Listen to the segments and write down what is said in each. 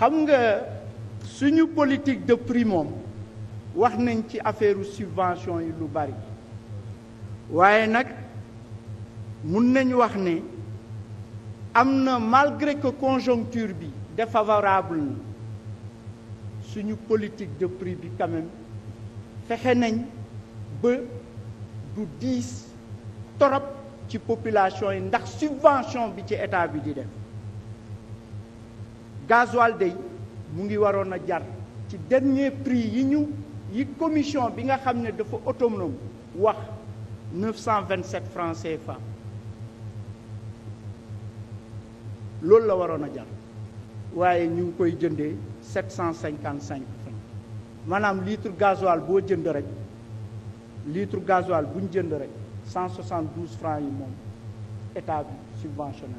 xam nga suñu politique de prix moom wax nañ ci affaire subvention yi lu bari waaye nag mun nañ wax ne am na malgré que conjoncture bi défavorable na suñu politique de prix bi quand fexe nañ ba du diis torop ci population yi ndax subvention bi ci état bi di def gasoil day mu ngi waroon a jar ci dernier prix yi ñu yi commission bi nga xam ne dafa autonome wax 927 francs CFA loolu la waroon a jar waaye ñu ngi koy jëndee 755 francs maanaam litre gasoil boo jënd rek litre gasoil bu ñu jënd rek 172 francs yi moom état bi subventionné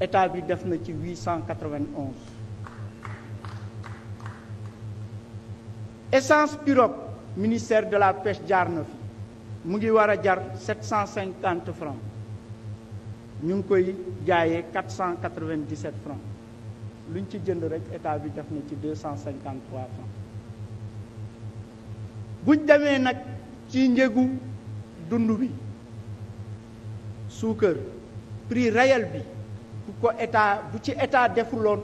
état bi def na ci 891 essence Europe ministère de la pêche jaar na fi mu ngi war a jar 750 francs ñu ngi koy jaaye 497 francs lu ñu ci jënd rek état bi def na ci 253 francs buñ demee nag ci njëgu dund bi suukar prix réel bi ko état bu ci état defuloon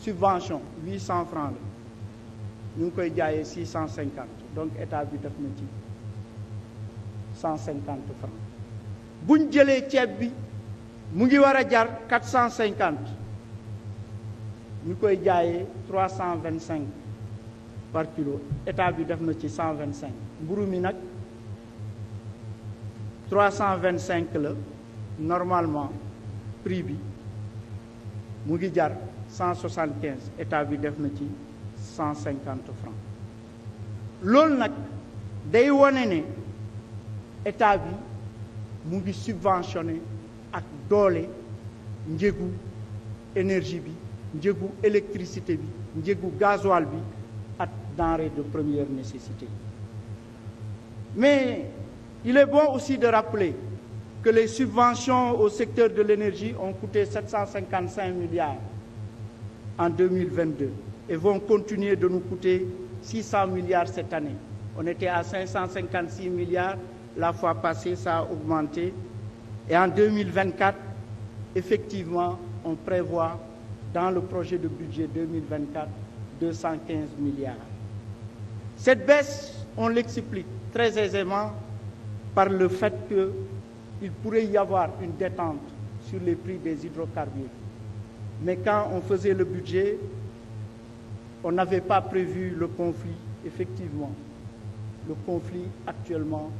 subvention huit cent francs la ñu ngi koy jaayee six cent cinquante donc état bi def na ci cent cinquante francs buñ jëlee ceeb bi mu ngi war a jar quatre cent cinquante ñu koy jaayee trois cent vingt cinq par kilo état bi def na ci cent vingt cinq mburu mi nag trois cent vingt cinq la normalement prix bi mu ngi jar cent soixante quinze état bi def na ci cent cinquante francs loolu nag day wane ne état bi mu ngi subventionné ak doole njëgu énergie bi njëgu électricité bi njëgu gasoil bi ak denrée de première nécessité mais il est bon aussi de rappeler que les subventions au secteur de l'énergie ont coûté 755 milliards en 2022 et vont continuer de nous coûter 600 milliards cette année. On était à 556 milliards la fois passée, ça a augmenté. Et en 2024, effectivement, on prévoit dans le projet de budget 2024 215 milliards. Cette baisse, on l'explique très par le fait il pourrait y avoir une détente sur les prix des hydrocarbures. Mais quand on faisait le budget, on n'avait pas prévu le conflit, effectivement, le conflit actuellement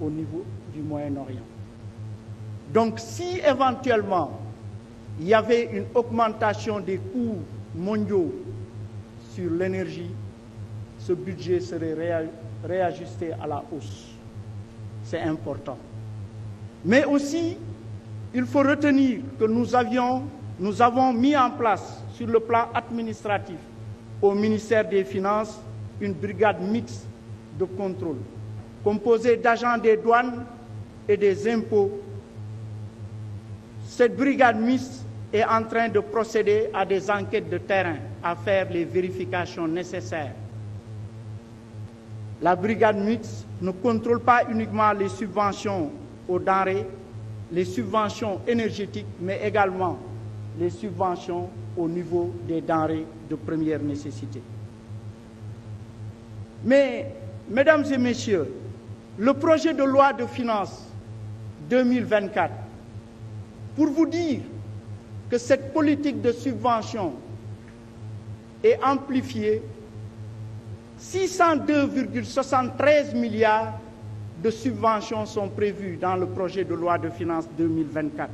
au niveau du Moyen-Orient. Donc si éventuellement il y avait une augmentation des coûts mondiaux sur l'énergie, ce budget serait réajusté à la hausse. C'est important. Mais aussi, il faut retenir que nous, avions, nous avons mis en place sur le plan administratif au ministère des Finances une brigade mixte de contrôle composée d'agents des douanes et des impôts. Cette brigade mixte est en train de procéder à des enquêtes de terrain, à faire les vérifications nécessaires. La brigade mixte ne contrôle pas uniquement les subventions aux denrées, les subventions énergétiques, mais également les subventions au niveau des denrées de première nécessité. Mais, mesdames et le projet de loi de finances 2024, pour vous dire que cette politique de subvention est amplifiée, 602,73 milliards de subventions sont prévues dans le projet de loi de finances 2024.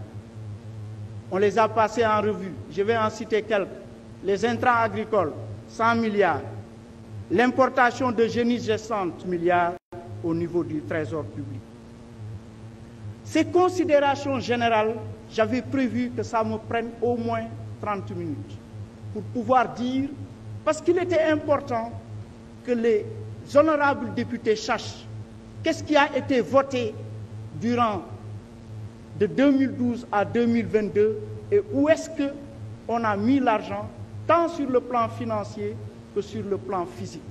On les a passées en revue. Je vais en citer quelques. Les intrants agricoles, 100 milliards. L'importation de génies gestantes, milliards au niveau du trésor public. Ces considérations générales, j'avais prévu que ça me prenne au moins 30 minutes pour pouvoir dire, parce qu'il était important que les honorables députés sachent qu'est-ce qui a été voté durant de 2012 à 2022 et où est-ce que on a mis l'argent tant sur le plan financier sur le plan physique.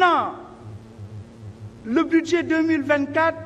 Maintenant, le budget 2024